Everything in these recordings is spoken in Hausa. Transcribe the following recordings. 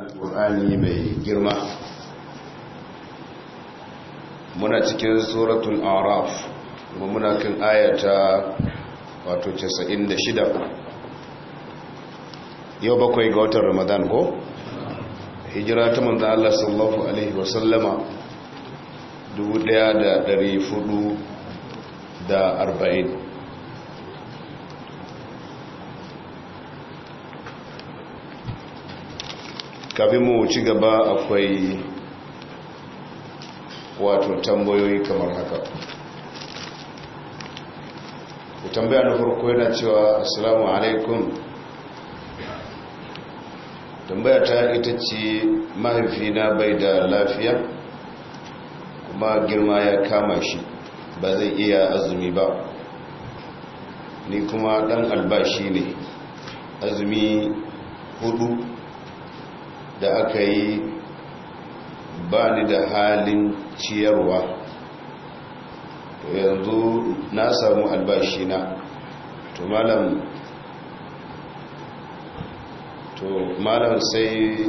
alƙur'ani mai girma muna cikin suratul araf kuma muna kan ayata wato 96 yau bakwai ga watan ramadan ko hijira ta manzo Allah sallallahu alaihi sallama 1440 kafin mu ci gaba akwai wato tambayoyi kamar haka Ku tambaya na farko yana cewa assalamu alaikum tambaya ta ita ce mahaifina bai da lafiya kuma girma ya kama shi ba zai iya azumi ba ni kuma dan albashi ne azumi hudu da aka yi ba ni da halin ciyarwa to yanzu na samu albashi na to malam to malam sai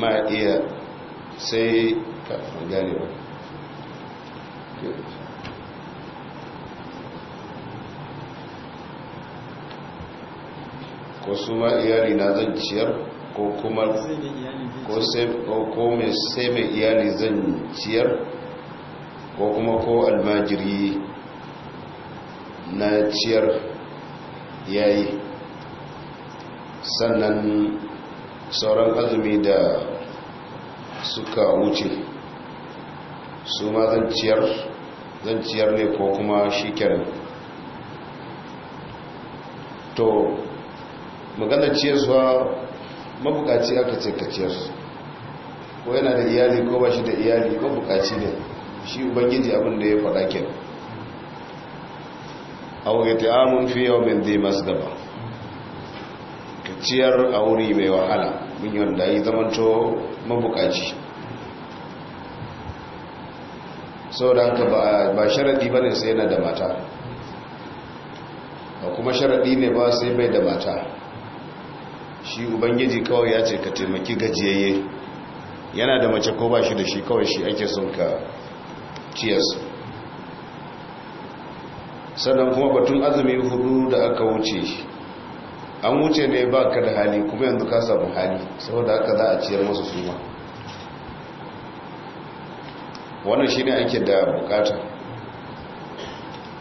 ma iya sai ka gane ba ko su ma iyali na zan ciyar ko kuma ko mai sai mai iyali zan ciyar ko kuma ko almajiri na ciyar yayi sannan sauran azumi da suka wuce su ma zan ciyar zan ciyar ne ko kuma shi to maganar zuwa mabukaci aka ce kaciyar, ko yana da iyali ko ba shi da iyali mabukaci ne shi ubangiji abin da ya faɗa ke auge ta'amun fi yawmin zai masgaba daba ciyar a wuri mai wahala mun yanda yi zamanto mabukaci saboda haka ba sharadi ne sai yana da mata ba kuma sharadi ne ba sai bai da mata shi ubangiji kawai ya ce ka taimaki gajiyayye yana da mace ko ba shi da shi kawai shi ake son ka ciyas sannan kuma batun azumi hudu da aka wuce an wuce ne ba ka da hali kuma yanzu ka samu hali saboda haka za a ciyar masu suma wannan shi ne ake da bukata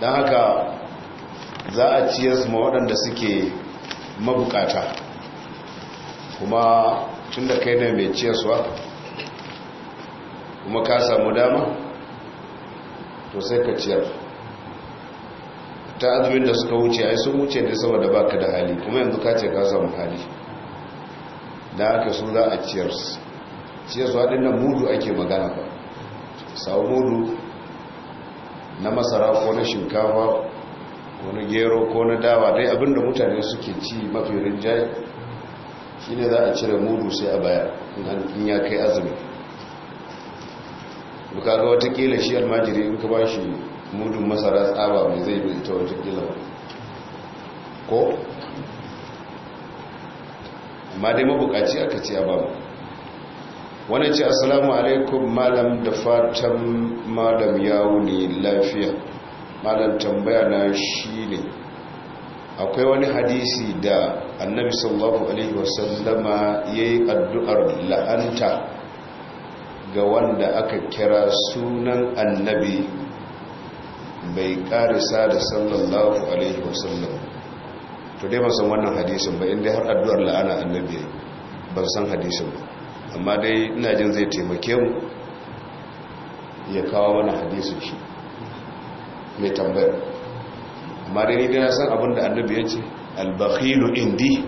don haka za a ciyar ma waɗanda suke mabukata kuma tun da kai ne mai ciyaswa kuma ka samu dama to sai ka ciyar ta azumin da suka wuce ai sun wuce ne saboda baka da hali kuma yanzu ka ce ka samu hali da aka so za a ciyar ciyarwa din mudu ake magana ba sau mudu na masara ko na shinkafa ko na gero ko na dawa dai abinda mutane suke ci mafi rinjaye shi ne za a cire mudu sai a baya in ya kai azumi bukaga watakila shi almajiri in ka ba shi mudun masara tsaba mai zai bi ta watakila ko amma dai mabukaci aka ce a babu wani ce assalamu alaikum malam da fatan malam yawo ne lafiya malam tambaya na shi ne akwai wani hadisi da annabi sallallahu alaihi wasallama ya yi addu'ar la'anta ga wanda aka kira sunan annabi bai karisa da sallallahu alaihi wasallam to dai ban san wannan hadisin ba inda har addu'ar la'ana annabi ban san hadisin ba amma dai ina jin zai taimake mu ya kawo mana hadisin shi mai tambayar amma dai dai na san abin da annabi ya ce albakhilu indi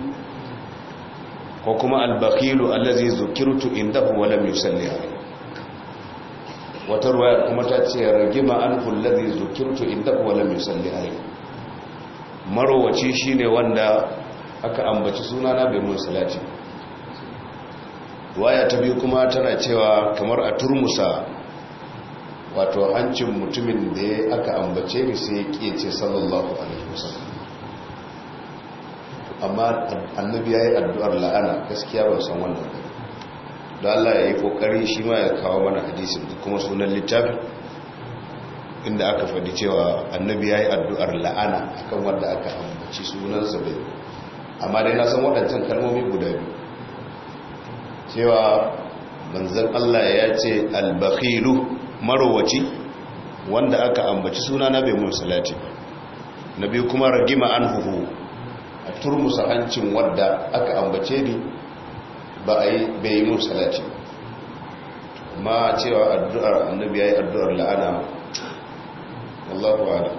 ko kuma albakhilu allazi zukirtu indahu wa lam yusalli alayhi wata ruwaya kuma ta ce ragima an allazi zukirtu indahu wa lam yusalli alayhi marowaci shine wanda aka ambaci sunana bai mun salati ruwaya ta biyu kuma tana cewa kamar a turmusa wato hancin mutumin da ya aka ambace ni sai ya ce sallallahu alaihi wasallam amma annabi yayi addu'ar la'ana gaskiya ban san wannan ba don Allah ya yi kokari shi ma ya kawo mana hadisin kuma sunan littafin inda aka faɗi cewa annabi yayi addu'ar la'ana akan wanda aka ambaci sunansa bai amma dai na san waɗancan kalmomi guda biyu cewa manzon Allah ya ce al-bakhilu marowaci wanda aka ambaci suna na bai musulati na biyu kuma ragima an huhu a turmusa hancin wadda aka ambace ni ba a yi bai yi musulati ma cewa addu'ar annabi ya yi addu'ar la'ana Allahu ala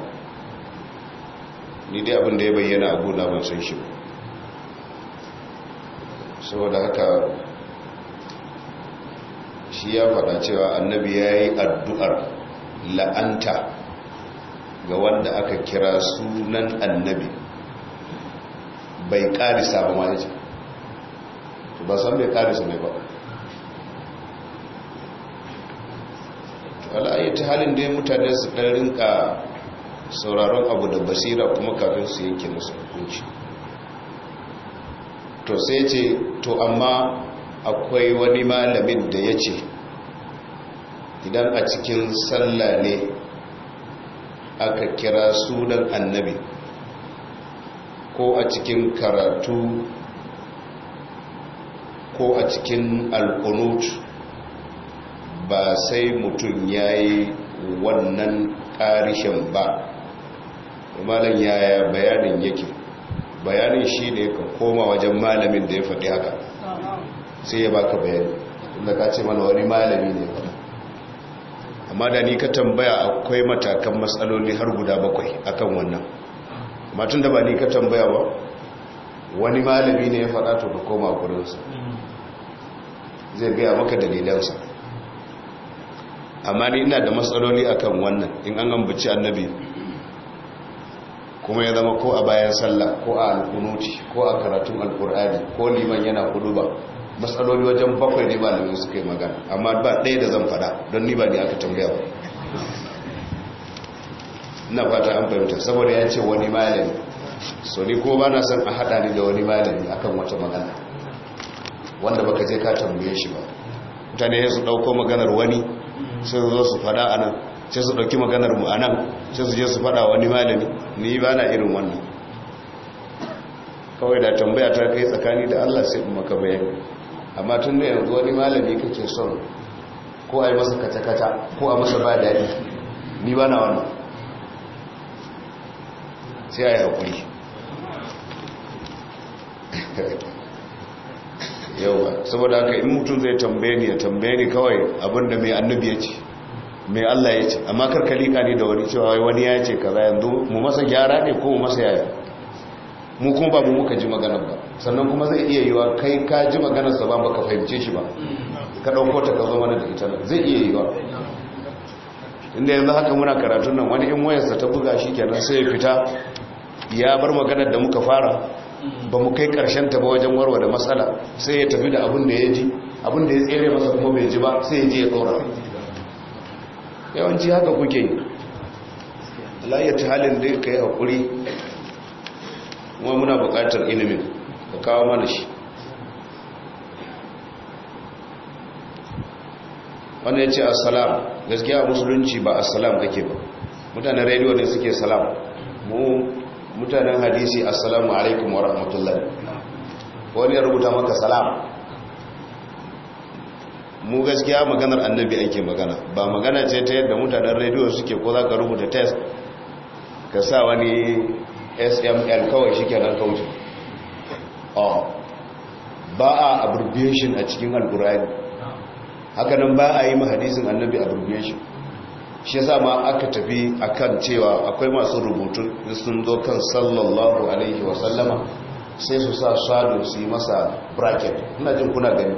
ni dai abin da ya bayyana a gona ban san shi saboda haka shi ya faɗa cewa annabi ya yi addu'ar la'anta ga wanda aka kira sunan annabi bai ƙarisa ba ma yace ba san bai ƙarisa mai ba ala'ayi ta halin dai mutane su ɗan rinka sauraron abu da basira kuma kafin su yanke musu hukunci to sai ce to amma akwai wani malamin da ya ce idan a cikin sallah ne aka kira sunan annabi ko a cikin karatu ko a cikin alkunut ba sai mutum ya yi wannan ƙarishin ba malam yaya bayanin yake bayanin shi ne ka koma wajen malamin da ya faɗi haka sai ya baka bayani inda ka ce mana wani malami ne amma da ni ka tambaya akwai matakan matsaloli har guda bakwai akan wannan matun da ba ni ka tambaya ba wani malami ne ya faɗa to ka koma gurinsa zai gaya maka dalilansa amma ni ina da matsaloli akan wannan in an gambaci annabi kuma ya zama ko a bayan sallah ko a alkunuti ko a karatun alkur'ani ko liman yana hudu ba matsaloli wajen bakwai ne malamin suka yi magana amma ba ɗaya da zan fada don ni ba ne aka tambaya ba na fata an fahimta saboda ya ce wani malami so ni ko ba na son a haɗa ni da wani malami akan wata magana wanda baka je ka tambaye shi ba mutane ya su ɗauko maganar wani sai su zo su fada a nan sai su ɗauki maganar mu a nan sai su je su fada wani malami ni ba na irin wannan kawai da tambaya ta kai tsakani da allah sai kuma ka bayani amma tun da yanzu wani malami kake son ko a yi masa kata-kata ko a masa ba daɗi ni ba na wannan sai a yi yau ba saboda haka in mutum zai tambaye ni ya tambaye ni kawai abinda mai annabi ya ce mai Allah ya ce amma karkali kani da wani cewa wani ya ce kaza yanzu mu masa gyara ne ko mu masa yaya mu kuma ba mu muka ji maganar ba sannan kuma zai iya yiwa kai ka ji maganarsa ba maka fahimce shi ba ka ɗauko ta ka zo mana da ita zai iya yiwa inda yanzu haka muna karatun nan wani in wayarsa ta buga shi kenan sai ya fita ya bar maganar da muka fara ba mu kai karshen ta ba wajen warwa da matsala sai ya tafi da abin da ya ji abin da ya tsere masa kuma bai ji ba sai ya je ya tsora yawanci haka kuke yi layyata halin da ka yi haƙuri kuma muna buƙatar ilimin ka kawo mana shi wanda ya ce assalam gaskiya musulunci ba assalam kake ba mutanen rediyo ne suke salam mu mutanen hadisi assalamu alaikum wa rahmatullahi wani ya rubuta maka salam mu gaskiya maganar annabi ake magana ba magana ce ta yadda mutanen rediyo suke ko za ka rubuta test ka sa wani sml kawai shi kenan kawai Oh. ba a abbreviation a cikin alkur'ani hakanan ba a yi mahadisin annabi abbreviation shi yasa ma aka tafi akan cewa akwai masu rubutu sun zo kan sallallahu alaihi wasallama sai su sa shadow su yi masa bracket ina jin kuna gani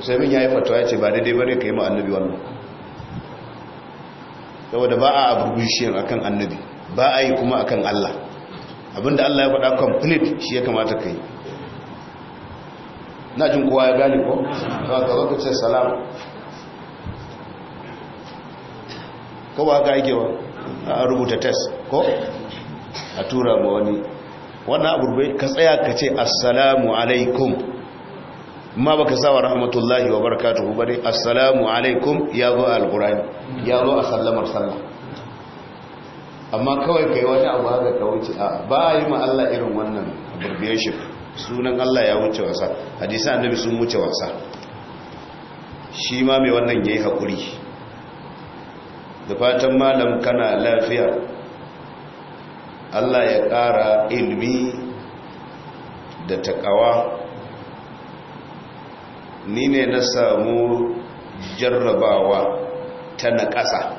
usaimin ya yi fatawa ya ce ba daidai bane ka yi ma annabi wannan saboda ba a abbreviation akan annabi ba a yi kuma akan Allah abinda Allah ya faɗa complete shi ya kamata ka yi na jin kowa ya gani ko ba ka zaka ce salam ko ba ka aikewa a rubuta test ko a tura ma wani wannan aburbe ka tsaya ka ce assalamu alaikum ma baka sa wa rahmatullahi wa barakatuhu bare assalamu alaikum ya zo alqur'ani ya zo a sallamar sallah amma kawai kai wani abu haka ka wuce a ba yi ma'alla irin wannan abbreviation sunan Allah ya wuce wasa hadisa annabi sun wuce wasa shi ma mai wannan ya yi hakuri da fatan malam kana lafiya Allah ya ƙara ilmi da taƙawa ni ne na samu jarrabawa ta naƙasa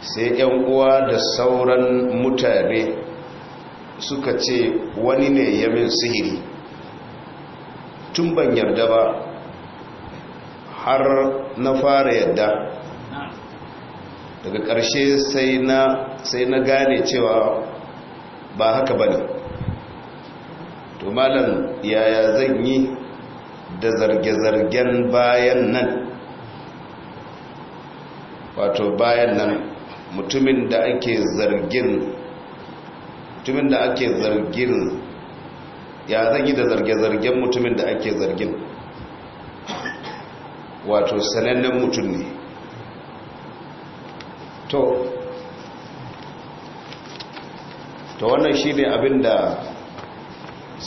sai yan uwa da sauran mutane suka ce wani ne ya sihiri tun ban yarda ba har na fara yarda daga ƙarshe sai na gane cewa ba haka ba ne to malam yaya zan yi da zarge-zargen bayan nan wato bayan nan mutumin da ake zargin mutumin da ake zargin ya zagi da zarge-zargen mutumin da ake zargin wato sanannen mutum ne to ta wannan shi ne abin da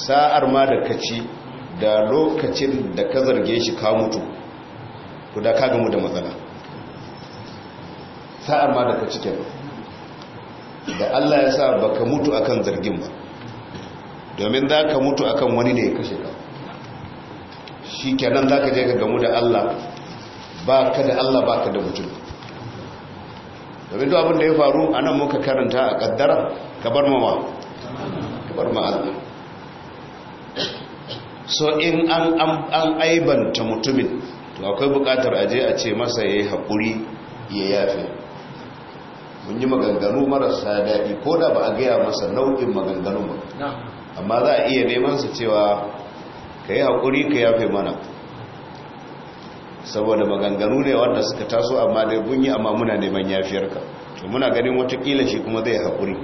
sa'ar ma da kaci da lokacin da ka zarge shi ka mutu to da ka gamu da matsala sa'ar ma da ka cike ba da Allah ya sa ba ka mutu akan zargin ba domin za ka mutu akan wani ne ya kashe ka shi kenan za ka je ka gamu da Allah ba ka da Allah ba ka da mutum domin duk abin da ya faru a nan muka karanta a kaddara ka bar mawa ka bar ma Allah so in an aibanta mutumin to akwai bukatar aje a ce masa ya yi haƙuri ya yafe mun yi maganganu marasa daɗi ko da ba a gaya masa nau'in maganganu ba amma za a iya neman su cewa ka yi haƙuri ka yafe mana saboda maganganu ne wanda suka taso amma dai yi amma muna neman yafiyarka to muna ganin watakila shi kuma zai haƙuri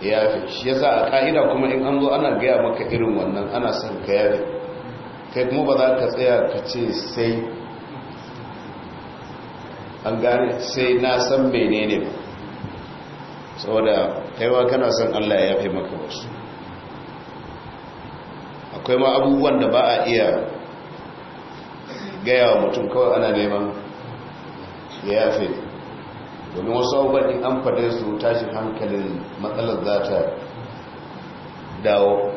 yafe shi za a ƙa'ida kuma in an zo ana gaya maka irin wannan ana son ka yafe kai kuma ba za ka tsaya ka ce sai an gane sai na san menene saboda kaiwa kana san Allah ya yafe maka wasu akwai ma abubuwan da ba a iya gaya wa mutum kawai ana neman ya yafe domin wasu abubuwan in an faɗe su tashi hankalin matsalar za dawo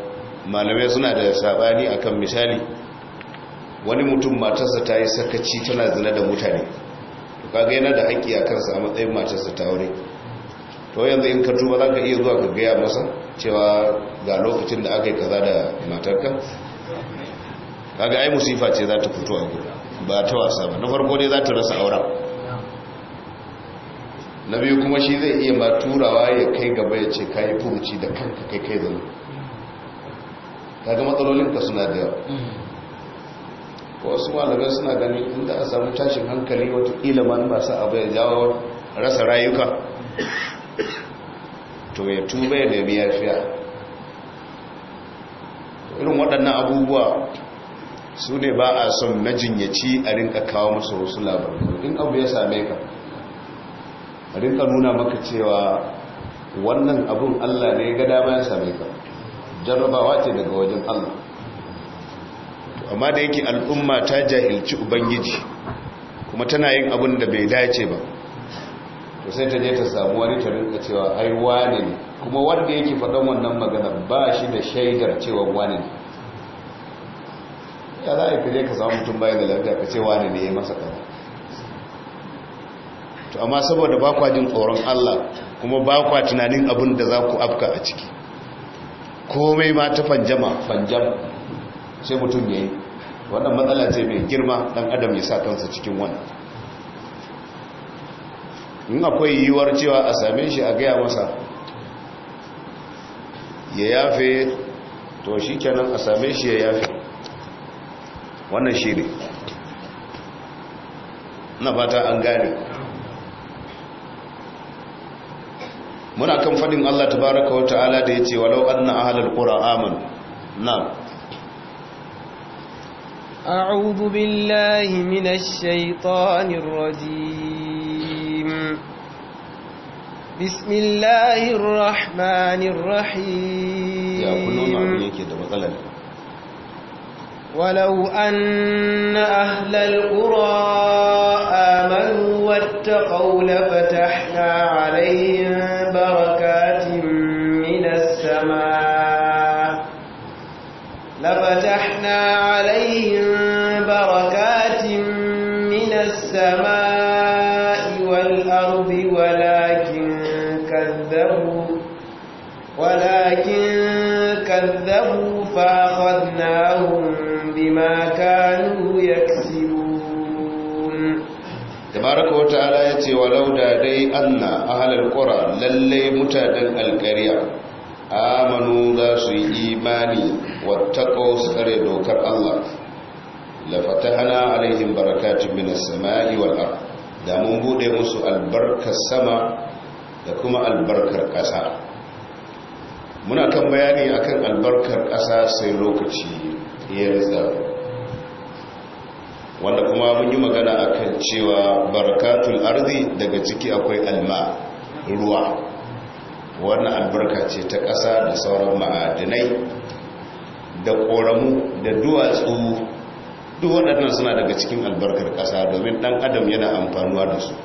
malamai suna da sabani akan misali wani mutum matarsa ta yi sakaci tana zina da mutane to kaga yana da haƙƙi a kansa a matsayin matarsa ta aure to yanzu in ka tuba zaka iya zuwa ka gaya masa cewa ga lokacin da aka yi kaza da matarka kaga ai musifa ce za ta fito a guda ba ta wasa ba na farko dai za ta rasa aura. na biyu kuma shi zai iya ma turawa ya kai gaba ya ce ka yi furuci da kanka kai kai zama kaga matsalolin ka suna da yawa wasu malamai suna ganin inda a samu tashin hankali watakila ma ba sa abu ya jawo rasa rayuka to ya tuba ya nemi fiya irin waɗannan abubuwa su ne ba a son majinyaci a rinka kawo masu wasu labarai in abu ya same ka a rinka nuna maka cewa wannan abun allah ne ga dama ya same ka jarrabawa ce daga wajen allah amma da yake al'umma ta jahilci ubangiji kuma tana yin abin da bai dace ba to sai ta je ta samu wani ta rinka cewa ai wane ne kuma wanda yake faɗan wannan magana ba shi da shaidar cewa wane ne ya za a fi ka samu mutum bayan da lafiya ka ce wane ne ya masa kaza to amma saboda ba kwa jin tsoron Allah kuma ba kwa tunanin abin da za ku afka a ciki komai ma ta fanjama fanjama sai mutum ya yi wannan matsala ce mai girma dan adam ya sa kansa cikin wannan in akwai yiwuwar cewa a same shi a gaya masa ya yafe to shi kenan a same shi ya yafe wannan shi ne na fata an gane muna kan fadin Allah tabaraka wa ta'ala da ya ce, walau anna ahlul qura amanu na. أعوذ بالله من الشيطان الرجيم بسم الله الرحمن الرحيم ولو أن أهل القرى آمنوا واتقوا لفتحنا عليهم فأخذناهم بما كانوا يكسبون تبارك وتعالى يتي ولو دادي أن أهل القرى للي متادا القرية آمنوا ذاسوا إيماني واتقوا سكري دوكر الله lafatahana alaihim barakatun minas sama'i wal ard da mun bude musu albarkar sama da kuma albarkar ƙasa muna kan bayani akan albarkar ƙasa sai lokaci ya ritsa wanda kuma mun yi magana akan cewa barakatul arzi daga ciki akwai alma ruwa wannan albarka ce ta ƙasa da sauran ma'adinai da ƙoramu da duwatsu duk waɗannan suna daga cikin albarkar ƙasa domin ɗan adam yana amfanuwa da su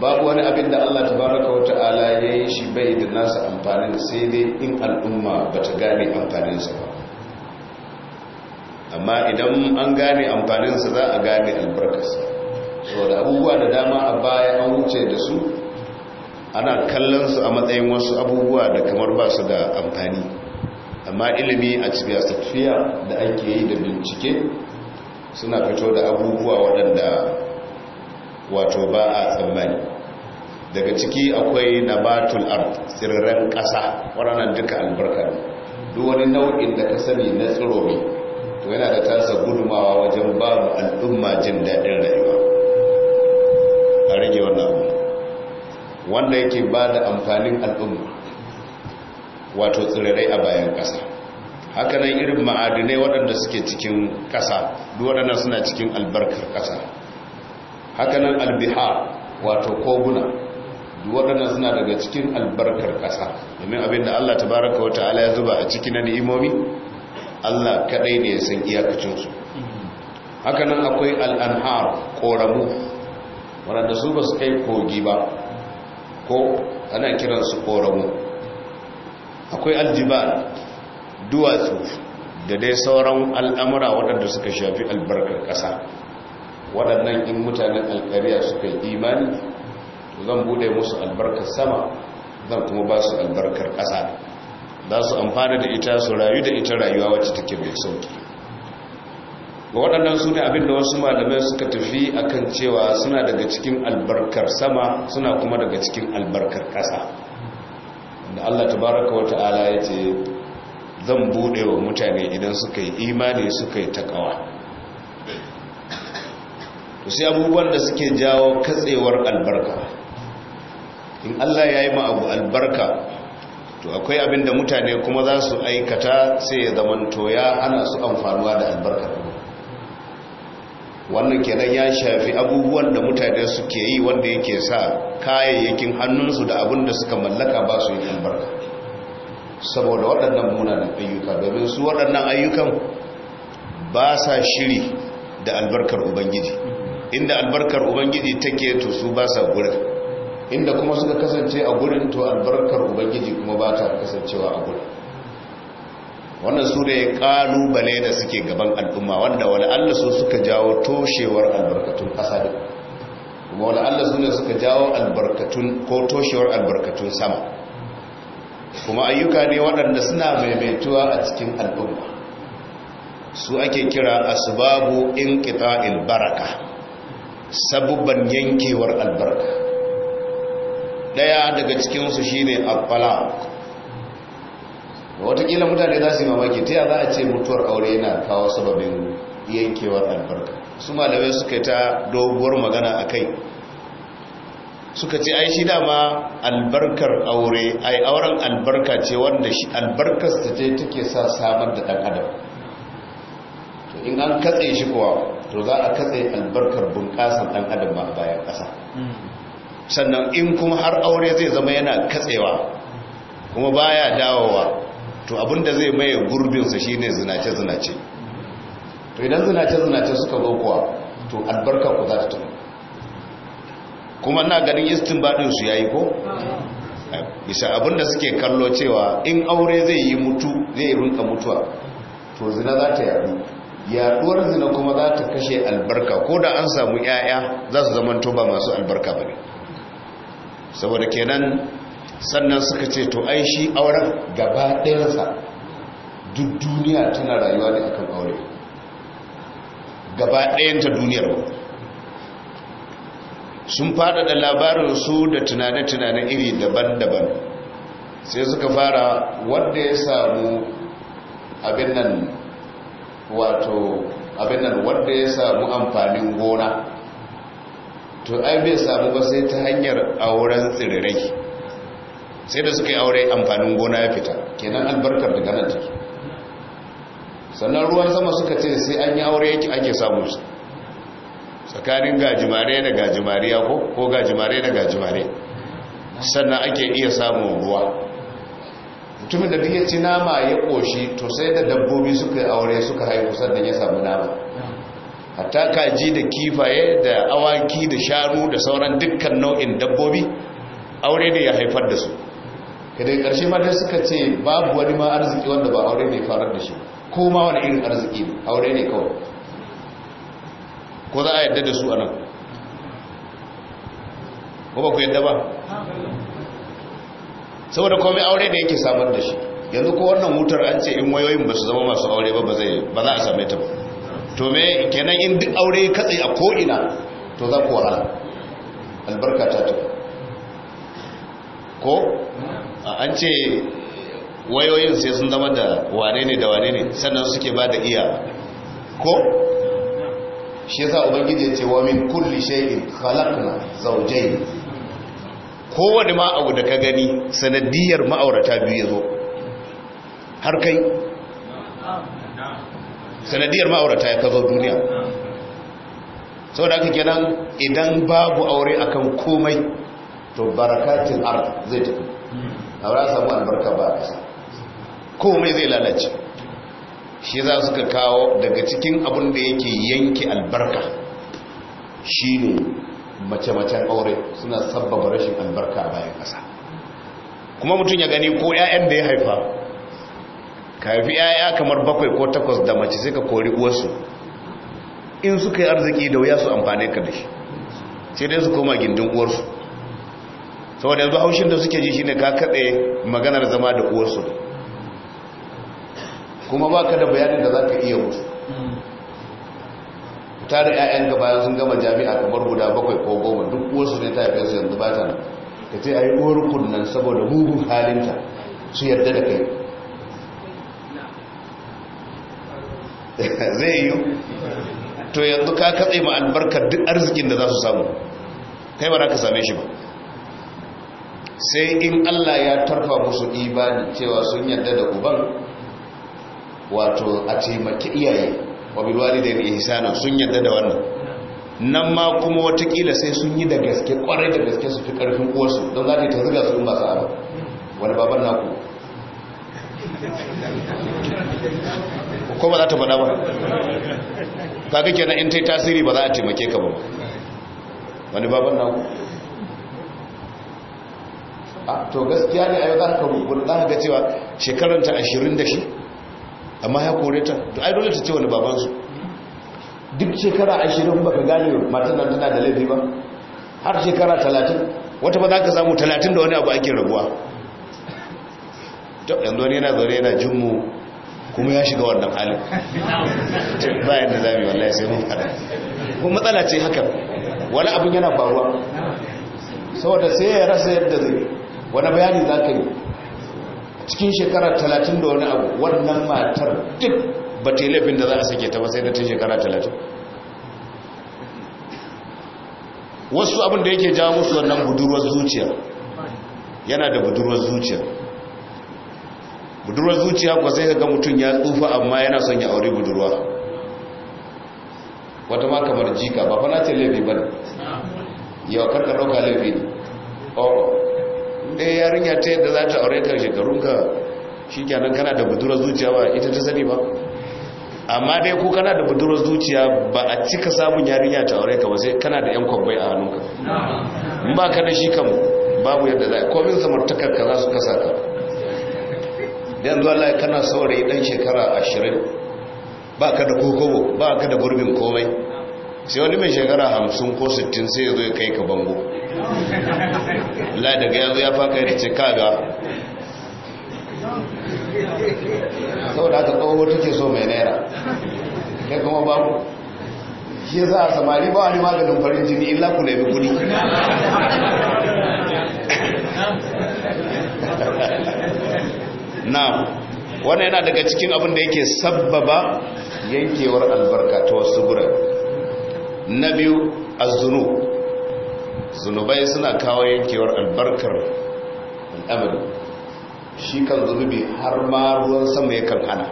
babu wani abin da Allah tabaraka wa ta'ala ya yi shi bai da nasa amfanin sai dai in al'umma ba ta gane amfaninsa ba amma idan an gane amfaninsa za a gane albarkarsa da abubuwa da dama a baya an wuce da su ana kallon su a matsayin wasu abubuwa da kamar ba su da amfani amma ilimi a cikin tafiya da ake yi da bincike suna fito da abubuwa waɗanda wato ba a tsammani daga ciki akwai nabatul a tsirran ƙasa waɗannan duka albarka ne duk wani nau'in da ka sani na tsirobi to yana da tasa gudumawa wajen ba mu al'umma jin daɗin rayuwa a rage wannan abu wanda yake ba da amfanin al'umma wato tsirrai a bayan ƙasa hakanan irin ma'adinai waɗanda suke cikin ƙasa duk suna cikin albarkar ƙasa hakanan albiha wato koguna waɗannan suna daga cikin albarkar ƙasa domin abin da Allah tabaraka wa ta'ala ya zuba a ciki na ni'imomi Allah kaɗai ne ya san iyakacinsu hakanan akwai al'anhar ƙoramu waɗanda su ba su kai kogi ba ko ana kiransu ƙoramu akwai aljibar duwatsu da dai sauran al'amura waɗanda suka shafi albarkar ƙasa waɗannan in mutanen alkariya suka yi imani zan bude musu albarkar sama zan kuma ba su albarkar ƙasa za su amfana da ita su rayu da ita rayuwa wacce take mai sauki ga waɗannan su ne abinda wasu malamai suka tafi akan cewa suna daga cikin albarkar sama suna kuma daga cikin albarkar ƙasa da allah tabaraka wa ta'ala ya ce zan bude wa mutane idan suka yi imani suka yi taƙawa to sai abubuwan da suke jawo katsewar albarka in Allah ya yi abu albarka to akwai abin da mutane kuma za su aikata sai ya zamanto ya ana su amfanuwa da albarka wannan kenan ya shafi abubuwan da mutane suke yi wanda yake sa kayayyakin hannunsu da abin da suka mallaka ba su yi albarka saboda waɗannan munanan ayyuka domin su waɗannan ayyukan ba sa shiri da albarkar ubangiji inda albarkar ubangiji take to su ba sa gurin inda kuma suka kasance a gurin to albarkar ubangiji kuma ba ta kasancewa a gurin wannan su ne kalubale da suke gaban al'umma wanda wani allah su suka jawo toshewar albarkatun ƙasa da kuma wani allah su ne suka jawo albarkatun ko toshewar albarkatun sama kuma ayyuka ne waɗanda suna maimaituwa a cikin al'umma su ake kira asbabu in baraka sabubban yankewar albarka daya daga cikinsu shine abbala watakila mutane za su yi mamaki ta za a ce mutuwar aure yana kawo sababin yankewar albarka su malamai suka ta doguwar magana a kai suka ce ai shi dama albarkar aure ai auren albarka ce wanda albarkar albarkarsa ce take sa samar da ɗan adam in an katse shi kuwa to za a katse albarkar bunƙasar ɗan adam ba bayan ƙasa sannan in kuma har aure zai zama yana katsewa kuma baya dawowa to abinda zai maye gurbinsa shine zinace-zinace to idan zinace-zinace suka zo kuwa to albarka ku za ta tafi kuma na ganin istin istinbadin su yayi ko bisa abinda suke kallo cewa in aure zai yi mutu zai runka mutuwa to zina za ta yi. yaduwar zina kuma za ta kashe albarka ko da an samu 'ya'ya za su zama ba masu albarka ba ne saboda kenan sannan suka ce to ai shi auren gaba ɗayansa duk duniya tana rayuwa ne akan aure gaba ɗayanta duniyar ba sun faɗaɗa labarin su da tunane-tunane iri daban-daban sai suka fara wanda ya samu abin nan wato abin nan wanda ya samu amfanin gona to ai bai samu ba sai ta hanyar auren tsirrai sai da suka yi aure amfanin gona ya fita kenan albarkar da ganin take sannan ruwan sama suka ce sai an yi aure yake ake samu shi tsakanin gajimare da gajimariya ko gajimare da gajimare sannan ake iya samun ruwa mutumin da duk ya nama ya ƙoshi to sai da dabbobi suka aure suka haihu sannan ya samu nama hatta kaji da kifaye da awaki da sharu da sauran dukkan nau'in dabbobi aure ne ya haifar da su kada ƙarshe ma dai suka ce babu wani ma arziki wanda ba aure ne farar da shi ko ma wani irin arziki ne aure ne kawai ko za a yadda da su anan nan ko ba ku yadda ba saboda komai aure da yake samar da shi yanzu ko wannan wutar an ce in wayoyin ba su zama masu aure ba ba za a same ta ba to me kenan in duk aure katse a ko'ina to za ku wahala albarka ta tafi ko an ce wayoyin sai sun zama da wane ne da wane ne sannan suke ba da iya ko shi ya yasa ubangiji ya ce wa min kulli shay'in khalaqna zawjayn kowane ma abu da ka gani sanadiyar ma'aurata biyu ya zo har kai sanadiyar ma'aurata ya kazo duniya sau da aka kenan idan babu aure akan komai to barakatun ar zai tafi a ba samu albarka ba a komai zai lalace shi za su ka kawo daga cikin abin da yake yanki albarka shi ne mace-macen aure suna sabbaba rashin albarka a bayan kasa, kuma mutum ya gani ko 'ya'yan da ya haifa ka haifi 'ya'ya kamar bakwai ko takwas da mace sai ka kori uwarsu in suka yi arziki da wuya su amfane ka da shi sai dai su koma gindin uwarsu saboda yanzu haushin da suke ji shine ka kaɗe maganar zama da uwarsu kuma ba ka da bayanin da za ka iya musu tare ƴaƴan bayan sun gama jami'a kamar guda bakwai ko goma duk wasu ne ta haife yanzu ba ta nan ka ce ayi uwar kunnan saboda mugun halinta su yarda da kai zai yi to yanzu ka katse ma albarkar duk arzikin da za su samu kai ba za ka same shi ba sai in Allah ya tarfa musu imani cewa sun yarda da uban wato a taimaki iyaye wa bil walidayni ihsana sun yadda da wannan nan ma kuma watakila sai sun yi da gaske kwarai da gaske su fi karfin uwarsu don za ta zuga su in ba sa'a wani baban naku ko ba za ta faɗa ba kaga kenan in ta yi tasiri ba za a taimake ka ba wani baban naku to gaskiya ne a yau za ka rubuta za ka ga cewa shekaranta ashirin da shi amma ya kore ta to ai dole ta ce wani babansu duk shekara ashirin baka gane matan nan tana da laifi ba har shekara talatin wata ba za ka samu talatin da wani abu ake rabuwa yanzu wani yana zaune yana jin mu kuma ya shiga wannan halin bayan da zami wallahi sai mun fada kuma matsala ce hakan wani abin yana faruwa saboda sai ya rasa yadda zai wani bayani za ka yi cikin shekara talatin da wani abu wannan matar duk ba ta yi laifin da za a sake ta ba sai da ta shekara talatin wasu abin da yake jawo musu wannan budurwar zuciya yana da budurwar zuciya budurwar zuciya kuwa sai ga mutum ya tsufa amma yana son ya aure budurwa wata ma kamar jika ba fana ce laifi ba ne yau karka ɗauka laifi ne oh. ɗaya eh, yarinya ta yadda za ta aure ka shekarunka shi kyanan kana da budurar zuciya ba ita ta sani ba amma dai ko kana da budurar zuciya ba a cika samun yarinya ta aure ka ba sai kana da yan kwabbai a hannunka ba ka da shi kam babu yadda za a komin samartakar ka za su kasa ka yanzu Allah kana saurayi dan shekara ashirin ba ka da kokobo ba ka da gurbin komai sai wani mai shekara hamsin ko sittin sai ya zo ya kai ka bango lai daga ya zo ya faka ya ce kaga saboda haka wata take so mai naira ya kuma babu shi za a samari ba wani maganin farin jini illa ku nemi kudi na wannan yana daga cikin abin da yake sabbaba yankewar albarka ta wasu na biyu a zunu zunubai suna kawo yankewar albarkar al'amari shi kan zunubi har ma ruwan sama ya kan hana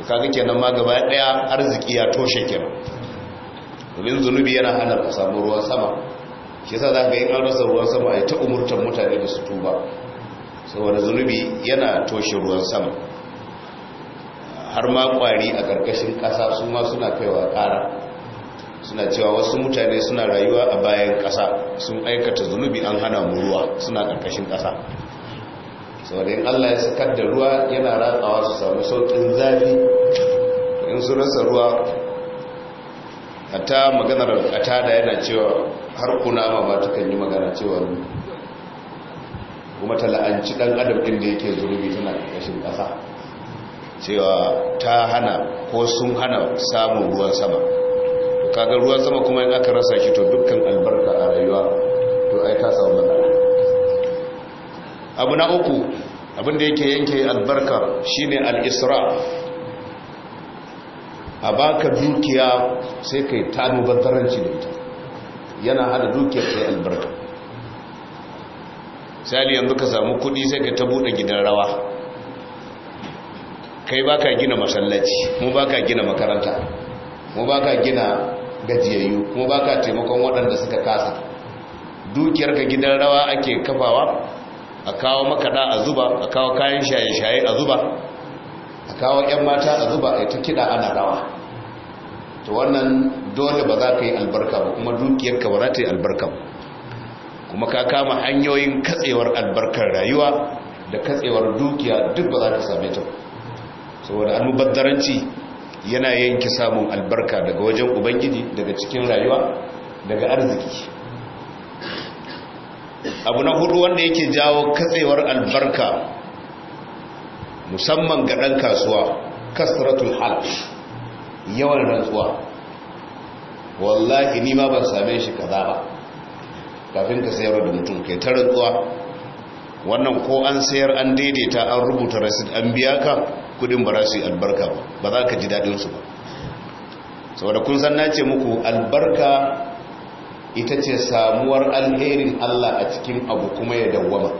to kaga kenan ma gaba daya arziki ya toshe kira domin zunubi yana hana a samu ruwan sama shi sa za ka yi an rasa ruwan sama ya ta umurtar mutane da su tuba saboda zunubi yana toshe ruwan sama har ma kwari a ƙarƙashin ƙasa su ma suna kaiwa ƙara suna cewa wasu mutane suna rayuwa a bayan ƙasa sun aikata zunubi an hana mu ruwa suna ƙarƙashin ƙasa saboda in Allah ya sakar da ruwa yana ratsawa su sami sauƙin zafi in su rasa ruwa a ta maganar ta da yana cewa har kuna ma ta yi magana cewa kuma ta la'anci ɗan adam ɗin da yake zunubi suna ƙarƙashin ƙasa cewa ta hana ko sun hana samun ruwan sama kaga ruwan sama kuma in aka rasa shi to dukkan albarka a rayuwa to ai ta samu matsala abu na uku abin da yake yanke albarka shine al-isra a baka dukiya sai kai tanubantaranci da ita yana hada dukiyar sai albarka sai yanzu ka samu kudi sai ka ta bude gidan rawa kai baka gina masallaci mu baka gina makaranta mu baka gina gajiyayyu kuma ba ka taimakon waɗanda suka kasa dukiyar ka gidan rawa ake kafawa a kawo makaɗa a zuba a kawo kayan shaye-shaye a zuba a kawo 'yan mata a zuba a ta kiɗa ana rawa ta wannan dole ba za ka yi albarka ba kuma dukiyar ka ba ta yi albarka kuma ka kama hanyoyin katsewar albarkar rayuwa da katsewar dukiya duk ba za ka same ta saboda almubazzaranci yana yanki samun albarka daga wajen ubangiji daga cikin rayuwa daga arziki abu na hudu wanda yake jawo katsewar albarka musamman ga ɗan kasuwa kasratul halal yawan rantsuwa wallahi ni ma ban same shi kaza ba kafin ka sayar da mutum kai ta rantsuwa wannan ko an sayar an daidaita an rubuta rasid an biya ka kudin ba su albarka ba ba za ka ji daɗinsu ba saboda kun san na ce muku albarka ita ce samuwar alherin Allah a cikin abu kuma ya dawwama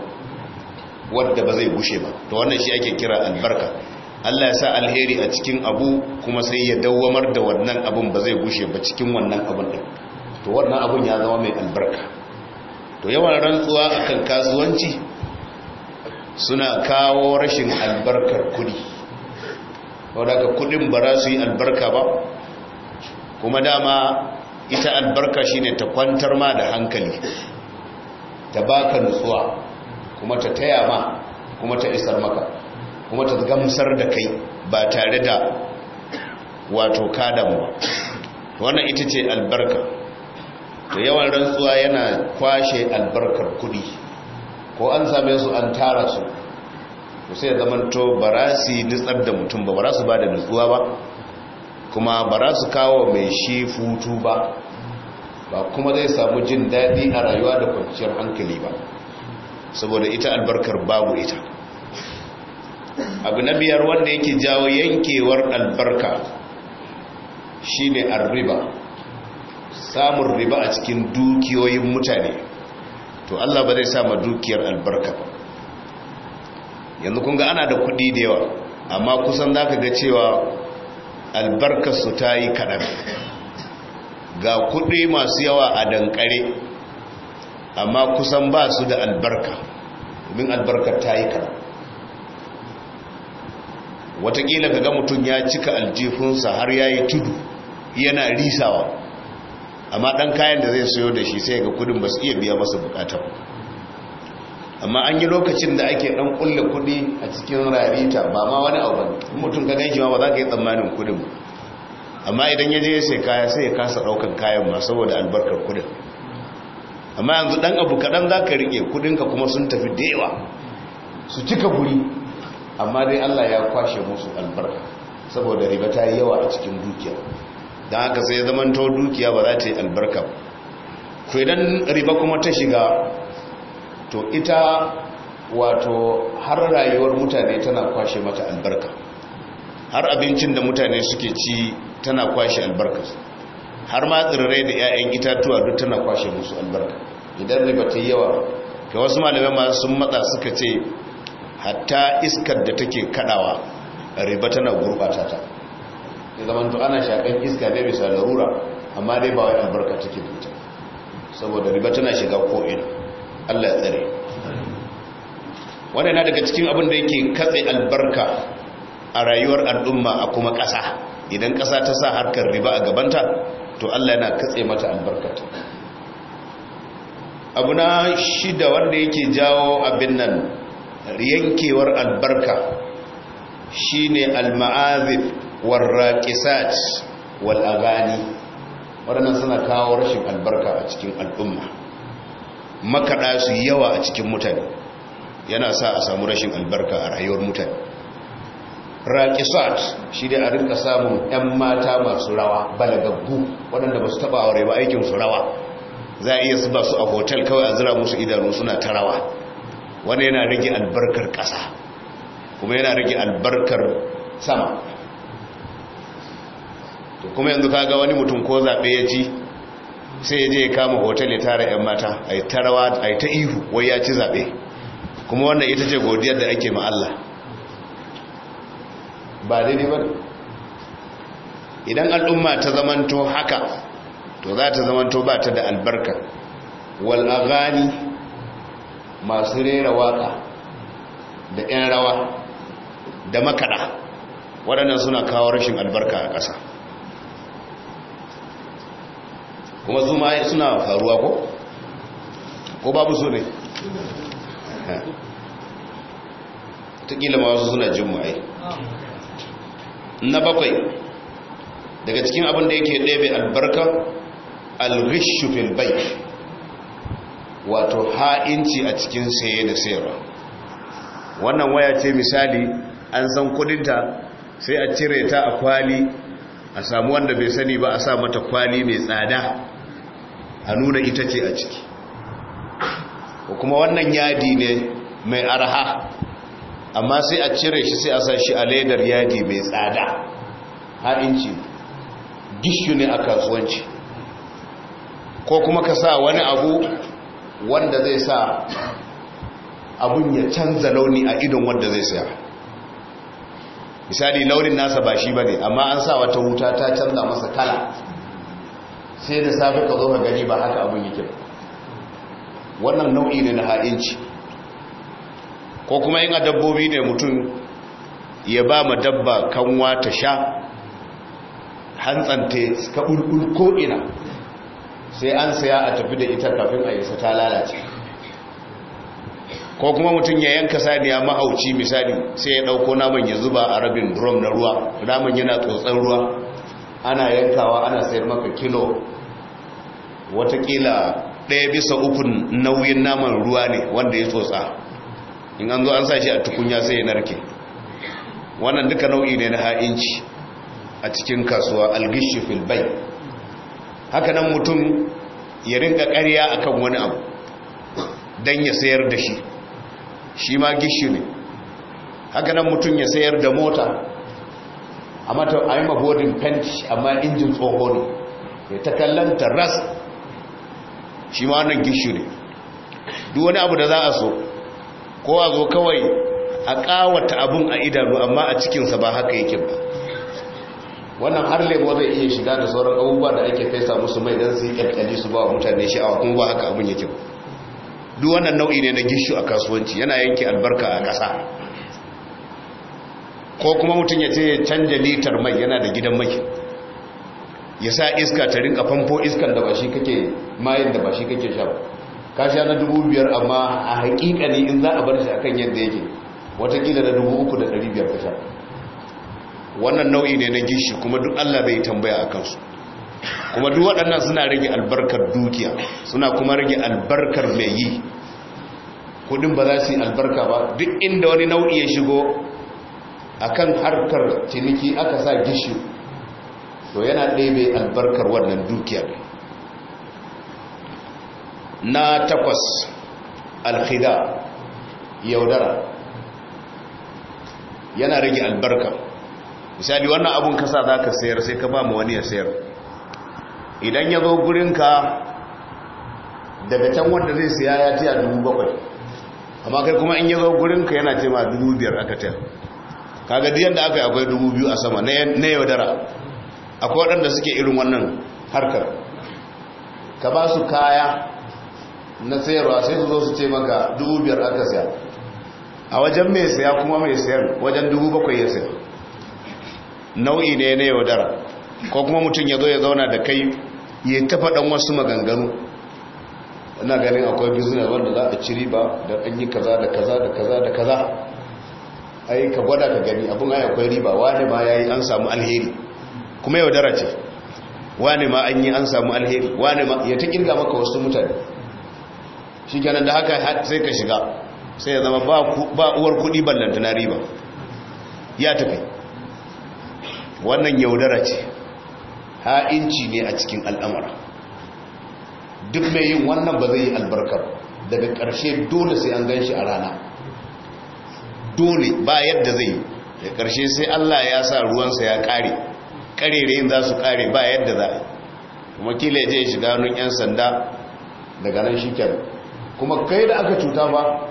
wadda ba zai gushe ba to wannan shi ake kira albarka Allah ya sa alheri a cikin abu kuma sai ya dawwamar da wannan abun ba zai gushe ba cikin wannan abun din to wannan abun ya zama mai albarka to yawan rantsuwa akan kasuwanci suna kawo rashin albarkar kudi daga kudin ba za su yi albarka ba kuma dama ita albarka shine ta kwantar ma da hankali ta baka nutsuwa kuma ta taya ma kuma ta isar maka kuma ta gamsar da kai ba tare da wato kadan ba wannan ita ce albarka to yawan rantsuwa yana kwashe albarkar kudi ko an same su an tara su Ku sai zamanto ba za su nutsar da mutum ba ba za su ba da nutsuwa ba kuma ba za su kawo mai shi futu ba ba kuma zai samu jin daɗi a rayuwa da kwanciyar hankali ba saboda ita albarkar babu ita abu na biyar wanda yake jawo yankewar albarka shi ne arriba samun riba a cikin dukiyoyin mutane to allah ba zai sama dukiyar albarka ba yanzu kun ana da kuɗi da yawa amma kusan za ka ga cewa albarkarsu ta yi kaɗan ga kuɗi masu yawa a dankare amma kusan ba su da albarka min albarkar ta yi kaɗan watakila ka ga mutum ya cika aljihunsa har ya yi tudu yana risawa amma ɗan kayan da zai sayo da shi sai ga kudin ba su iya biya masa bukatar amma an yi lokacin da ake dan kulle kudi a cikin rarita ba ma wani abu mutum ka ganshi ma ba za ka yi tsammanin kudin amma idan ya je sai kaya sai ya kasa daukan kayan ma saboda albarkar kudin amma yanzu dan abu kadan za ka rike kuɗinka kuma sun tafi da yawa su cika guri amma dai Allah ya kwashe musu albarka saboda riba ta yi yawa a cikin dukiya don haka sai zaman to dukiya ba za ta yi albarka ko idan riba kuma ta shiga to ita wato har rayuwar mutane tana kwashe mata albarka har abincin da mutane suke ci tana kwashe albarka har ma tsirrai da 'ya'yan itatuwa duk tana kwashe musu albarka idan riba ta yawa ga wasu malamai masu sun matsa suka ce hatta iskar da take kadawa riba tana gurbata ta da zaman to ana shakan iska ne bisa larura amma dai ba wai albarka take ita saboda riba tana shiga ko'ina Allah tsare wannan na daga cikin abin da yake katse albarka a rayuwar al'umma a kuma ƙasa idan ƙasa ta sa harkar riba a gabanta to Allah yana katse mata albarkata abu na shida wanda yake jawo abin nan yankewar albarka shine al-ma'azif war-raqisat wal-aghani waɗannan suna kawo rashin albarka a cikin al'umma makaɗa su yawa a cikin mutane yana sa a samu rashin albarka a rayuwar mutane rakisat shi dai a rinka samun 'yan mata masu rawa balagaggu waɗanda ba su taɓa aure ba aikin su rawa za a iya su ba su a hotel kawai a zira musu idanu suna ta rawa wani yana rage albarkar ƙasa kuma yana rage albarkar sama kuma yanzu kaga wani mutum ko zaɓe ya ci sai je kama hotel ya tara 'yan mata a yi tarawa a yi ta ihu wai ya ci zaɓe kuma wannan ita ce godiyar da ake ma'alla ba daidai ba idan al'umma ta zamanto haka to za ta zamanto ba ta da albarka wal'agani masu rera waka da 'yan rawa da makaɗa waɗannan suna kawo rashin albarka a ƙasa kuma su ma'ayi suna faruwa ko ko babu su ne tukila ma wasu suna jin ma'ayi na bakwai daga cikin abin da yake ɗebe albarka alrishufin bai wato ha'inci a cikin saye da sayarwa wannan waya ce misali an san kudinta sai a cire ta a kwali a samu wanda bai sani ba a sa mata kwali mai tsada a nuna ita ce a ciki kuma wannan yadi ne mai arha amma sai a cire shi sai a sa shi a ledar yadi mai tsada har inci gishu ne a kasuwanci ko kuma ka sa wani abu wanda zai sa abun ya canza launi a idon wanda zai saya misali launin nasa ba shi ba ne amma an sa wata wuta ta canza masa kala sai da safe ka zo ka gani ba haka abin yake ba wannan nau'i ne na ha'inci ko kuma yin dabbobi ne mutum ya ba ma dabba kanwa ta sha hantsanta suka ɓulɓul ko'ina sai an saya a tafi da ita kafin a isa ta lalace ko kuma mutum ya yanka sani saniya mahauci misali sai ya ɗauko naman ya zuba a rabin drum na ruwa naman yana tsotsar ruwa ana yankawa ana sayar maka kilo watakila ɗaya bisa ukun nauyin naman ruwa ne wanda ya tsotsa in an zo an sa shi a tukunya sai ya narke wannan duka nau'i ne na ha'inci a cikin kasuwa algishi filbai haka nan mutum ya rinka ƙarya akan wani abu don ya sayar da shi shi ma gishi ne haka nan mutum ya sayar da mota a mata a yi mahodin fenti amma injin tsoho ne mai ta kallon taras shi ma wannan gishu ne duk wani abu da za a so ko a zo kawai a kawata abun a idanu amma a cikinsa ba haka yake ba wannan har lemo zai iya shiga da sauran abubuwa da ake fesa musu mai don su yi su ba mutane sha'awa wakun ba haka abin yake ba duk wannan nau'i ne na gishu a kasuwanci yana yanke albarka a ƙasa ko kuma mutum ya ce canja litar mai yana da gidan mai ya sa iska ta rinka famfo iskan da ba shi kake mayan da ba shi kake sha ka sha na dubu biyar amma a hakika ne in za a bar shi a kan yadda yake watakila na dubu uku da ɗari biyar ka sha wannan nau'i ne na gishi kuma duk allah bai tambaya a kansu kuma duk waɗannan suna rage albarkar dukiya suna kuma rage albarkar mai yi kudin ba za su yi albarka ba duk inda wani nau'i ya shigo akan harkar ciniki aka sa gishi to yana ɗebe albarkar wannan dukiyar na takwas alkhida yaudara yana rage albarka misali wannan abun kasa za ka sayar sai ka ba mu wani ya sayar idan ya zo gurinka daga can wanda zai siya ya dubu bakwai, amma kai kuma in ya zo gurinka yana ce ma biyar aka kaga diyan da aka yi akwai dubu biyu a sama na yaudara akwai waɗanda suke irin wannan harkar ka ba su kaya na sayarwa sai su zo su ce maka dubu biyar aka saya a wajen mai saya kuma mai sayar wajen dubu bakwai ya saya nau'i ne na yaudara ko kuma mutum ya zo ya zauna da kai ya tafa ɗan wasu maganganu ina ganin akwai bizina wanda za a ciri ba da an yi kaza da kaza da kaza da kaza ai ka gwada ka gani abin ai akwai riba wani ma yayi an samu alheri kuma yaudara ce wani ma an yi an samu alheri wani ma ya ta kirga maka wasu mutane shi kenan da haka sai ka shiga sai ya zama ba uwar kudi ballanta na riba ya tafi wannan yaudara ce ha'inci ne a cikin al'amara duk mai yin wannan ba zai yi albarkar daga ƙarshe dole sai an gan shi a rana dole ba yadda zai yi da ƙarshe sai Allah ya sa ruwansa ya ƙare ƙarerayin za su ƙare ba yadda za kuma kila je shiga hannun 'yan sanda daga nan shi kuma kai da aka cuta ba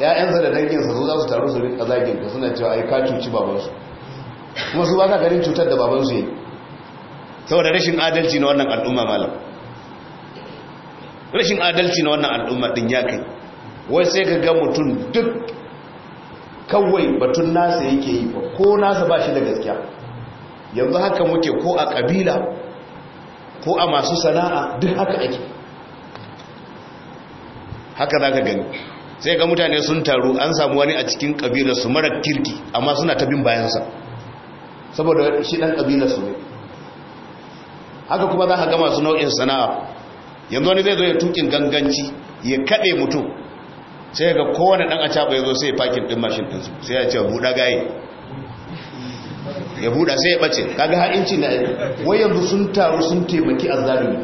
‘ya'yansa da danginsa su za su taru su rika zagin ka suna cewa ai ka cuci babansu kuma su ba ka ganin cutar da babansu yi saboda rashin adalci na wannan al'umma malam rashin adalci na wannan al'umma din ya kai wai sai ka ga mutum duk kawai batun nasa yake yi ba ko nasa ba shi da gaskiya yanzu haka muke ko a ƙabila ko a masu sana'a duk haka ake haka za ka gani sai ga mutane sun taru an samu wani a cikin ƙabilar su mara kirki amma suna ta bin bayansa saboda shi ɗan ƙabilar su ne haka kuma za ka gama su nau'in sana'a yanzu wani zai zo ya tukin ganganci ya kaɗe mutum sai ga kowane dan a caba ya zo sai fakin din mashin ɗinsu sai ya ce buɗa gaye ya buɗa sai ya ɓace kaga har inci na wai yanzu sun taru sun taimaki azzalumi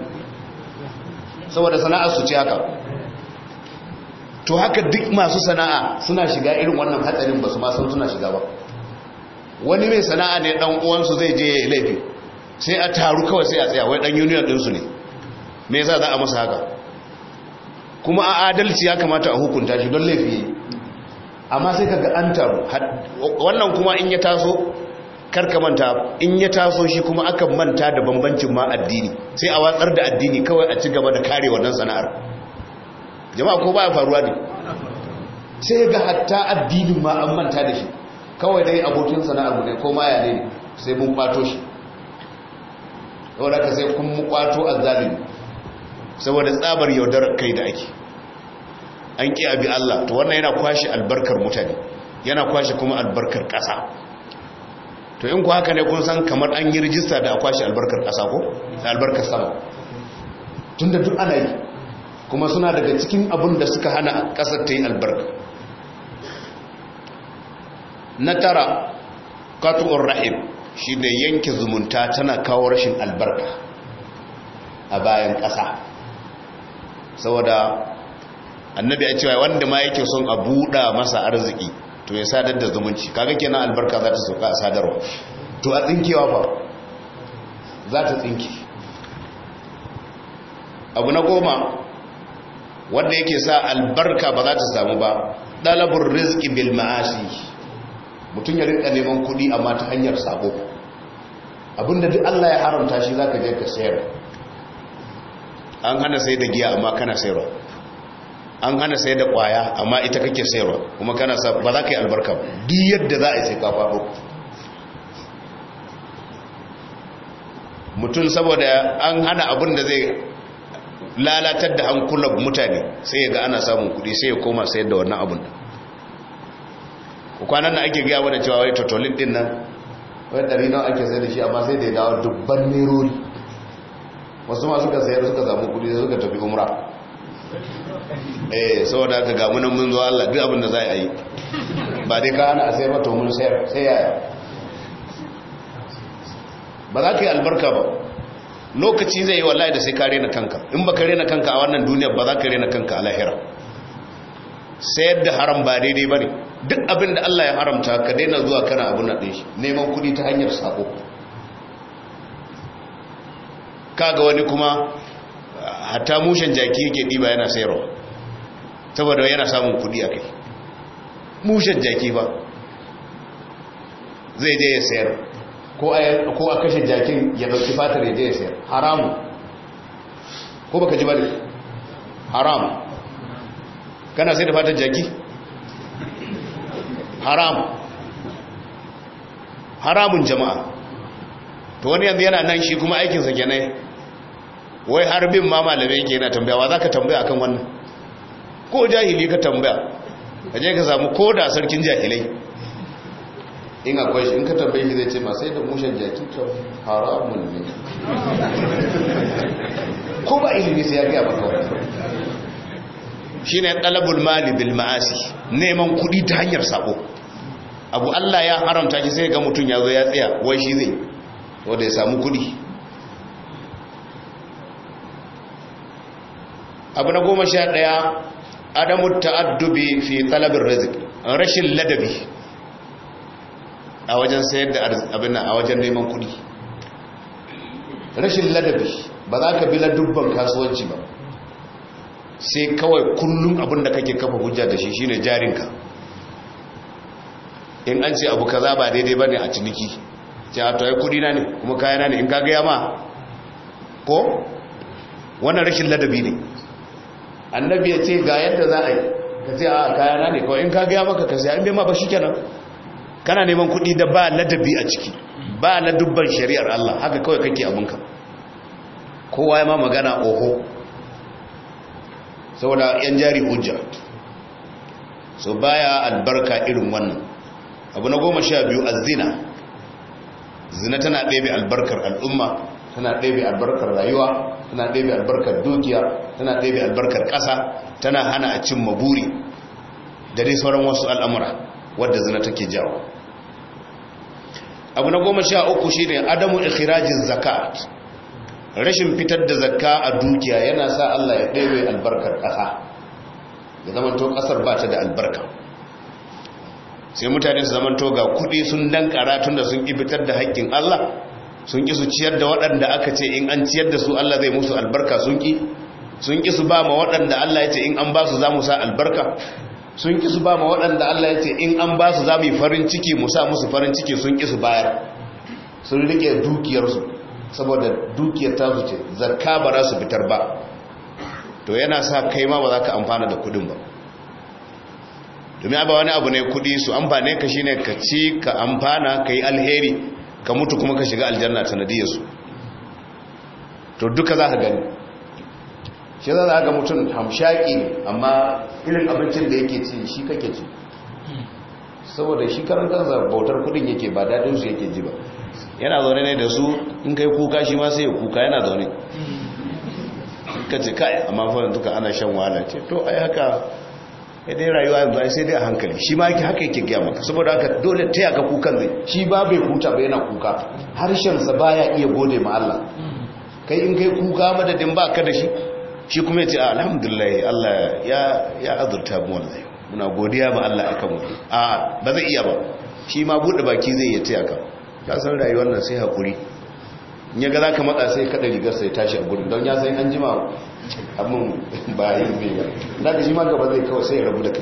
saboda sana'ar su ce haka to haka duk masu sana'a suna shiga irin wannan hatsarin ba su ma san suna shiga ba wani mai sana'a ne dan uwansu zai je ya laifi sai a taru kawai sai a tsaya wai dan union ɗinsu ne me yasa za a masa haka kuma a adalci ya kamata a hukunta shi don laifi amma sai kaga an taru wannan kuma in ya taso karka manta in ya taso shi kuma akan manta da bambancin ma addini sai a watsar da addini kawai a ci gaba da kare wannan sana'ar jama'a ko baya faruwa ne sai ga hatta addinin ma an manta da shi kawai dai abokin sana'ar ne ko maya ne sai mun kwato shi yau da ka sai kun mu kwato azzalimi saboda tsabar yaudar kai da ake an ƙi abi Allah to wannan yana kwashe albarkar mutane yana kwashe kuma albarkar ƙasa to in ku haka ne kun san kamar an yi rijista da a kwashe albarkar ƙasa ko da albarkar sama tun da duk ana yi kuma suna daga cikin abin da suka hana ƙasar ta yi albarka na tara katu'ur rahim shi ne yanke zumunta tana kawo rashin albarka a bayan ƙasa saboda annabi ya cewa wanda ma yake son a buɗa masa arziki to ya sadar da zumunci kaga kenan albarka za ta sauka a sadarwa to a tsinkewa fa za ta tsinke abu na goma wanda yake sa albarka ba za ta samu ba ɗalabin rizki bil ma'asi mutum ya rika neman kuɗi amma ta hanyar sabo abinda duk Allah ya haramta shi za ka je ka sayar an hana sai da giya amma kana sayarwa an hana sai da kwaya amma ita kake sayarwa kuma kana sa ba za ka yi albarka ba yadda za a yi sai ka faɗo mutum saboda an hana abin da zai lalatar da hankulan mutane sai ya ga ana samun kuɗi sai ya koma sayar da wannan abin kwanan da ake gaya wadda cewa wai totolin din nan wadda rina ake sai da shi amma sai da ya dawo dubban neroli wasu masu suka sayar suka samu kudi suka tafi umra eh saboda haka ga munan mun zo Allah duk abin da za a yi ba dai ka hana a sayar mata mun sayar sai yaya ba za ka yi albarka ba lokaci zai yi wallahi da sai ka rena kanka in ba ka rena kanka a wannan duniyar ba za ka rena kanka a lahira sayar da haram ba daidai ba ne duk abin da Allah ya haramta ka daina zuwa kana abu na ɗin neman kuɗi ta hanyar sako kaga wani kuma hatta mushen jaki yake ɗiba yana sayarwa saboda yana samun kuɗi a kai mushen jaki ba zai je ya sayar ko a kashe jakin ya ɗauki fatar ya je ya sayar haramu ko baka ji ba ne haramu kana sai da fatar jaki haramu haramun jama'a to wani yanzu yana nan shi kuma aikinsa kenan wai har bin ma malamai yake yana tambaya wa za ka tambaya akan wannan ko jahili ka tambaya a je ka samu ko da sarkin jahilai in akwai shi in ka tambaye shi zai ce masu yadda mushen jaki ta haramun ne ko ba ilimi sai ya gaya maka wani shi ne ɗalabul mali bil ma'asi neman kuɗi ta hanyar sabo abu allah ya haramta shi sai ga mutum ya zo ya tsaya wai shi zai wadda ya samu kudi abu na goma sha ɗaya adamu ta'addubi fi talabin rizik rashin ladabi a wajen sayar da abin a wajen neman kudi rashin ladabi ba za ka bi ladubban kasuwanci ba sai kawai kullum abin da kake kafa hujja da shi shine jarinka in an ce abu kaza ba daidai ba ne a ciniki cewa to ai kudi na ne kuma kayana ne in ka gaya ma ko wannan rashin ladabi ne annabi ya ce ga yadda za a yi ka ce a kayana ne kawai in ka gaya maka ka sai in bai ma ba kenan? kana neman kudi da ba ladabi a ciki ba ladubban shari'ar Allah haka kawai kake abinka kowa ya ma magana oho saboda yan jari hujja so baya albarka irin wannan abu na goma sha biyu azina zina tana ɗebe albarkar al'umma tana ɗebe albarkar rayuwa tana ɗebe albarkar dukiya tana ɗebe albarkar ƙasa tana hana a cin maburi da dai sauran wasu al'amura wadda zina take jawo abu na goma sha uku shi ne adamu ikhirajin zakat rashin fitar da zakka a dukiya yana sa allah ya ɗebe albarkar ƙasa ya zama to ƙasar ba ta da albarka sai mutane su zaman ga kudi sun dan karatun da sun ibitar da haƙƙin Allah sun ki su ciyar da waɗanda aka ce in an ciyar da su Allah zai musu albarka sun ki sun ki su ba ma waɗanda Allah ya ce in an ba su za mu sa albarka sun ki su ba ma waɗanda Allah ya ce in an ba su za mu yi farin ciki mu sa musu farin ciki sun ki su bayar sun rike dukiyarsu saboda dukiyar ta ce zakka ba za su fitar ba to yana sa kai ma ba za ka amfana da kuɗin ba domin ba wani abu ne kudi su amfane ka shine ka ci ka amfana ka yi alheri ka mutu kuma ka shiga aljanna ta na su to duka za ka gani shi za ka ga mutum hamshaki amma irin abincin da yake ci shi kake ci saboda shi karan bautar kudin yake ba daɗin su yake ji ba yana zaune ne da su in kai kuka shi ma sai ya kuka yana zaune ka ce kai amma fa duka ana shan wahala ce to ai haka ya dai rayuwa bayan sai dai a hankali shi ma yake haka yake gaya maka saboda haka dole taya ka kukan zai shi ba bai huta ba yana kuka harshensa ya iya gode ma Allah kai in kai kuka madadin ba ka da shi shi kuma ya ce ah, alhamdulillah Allah ya ya azurta mu zai muna godiya ma Allah akan mu a ah, ba zai iya ba shi ma bude baki zai ya taya ka ka san rayuwar nan sai hakuri ya ga za ka matsa sai kada rigar sai tashi a gudun don ya sai an jima abin bayan bai da ka shi ma gaba zai kawai sai ya rabu da ka